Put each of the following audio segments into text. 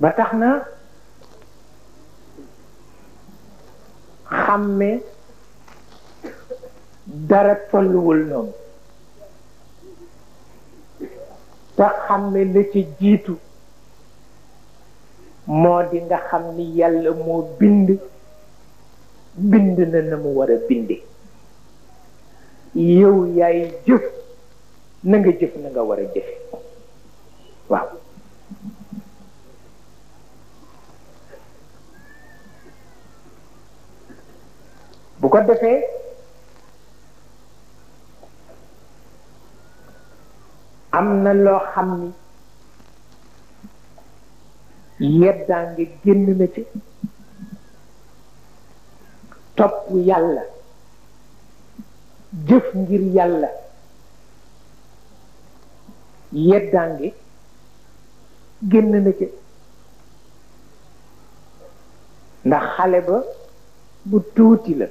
ba tax na xàmme dara tolluwul noonu te xàmme la ci jiitu moo di nga xam ni yàlla moo bind bind na na mu war a binde yow yaay jëf na nga jëf na nga war a jëfe bu ko defee am na loo xam ni yeddaa ngi génn na ci topp yàlla jëf ngir yàlla yeddaa ngi génn na ci ndax xale ba bu tuuti la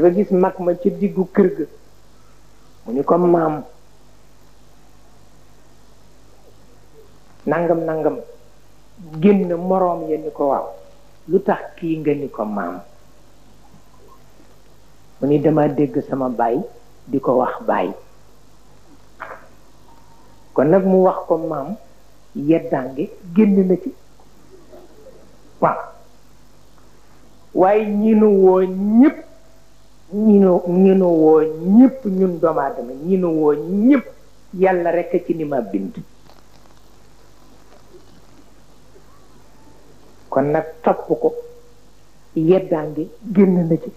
dafa gis mag ma ci diggu kër ga mu ni ko maam nangam nangam génn moroom ya ni ko waaw lu tax kii nga ni ko maam mu ni dama dégg sama bàyyi di ko wax bàyyi kon nag mu wax ko maam yeddaange génn na ci waaw waaye ñi nu woo ñëpp ñi nu woo ñëpp ñun doomu aadama ñi woo ñëpp yàlla rekk a ci ni ma bind kon nag topp ko yeddaange génn na ci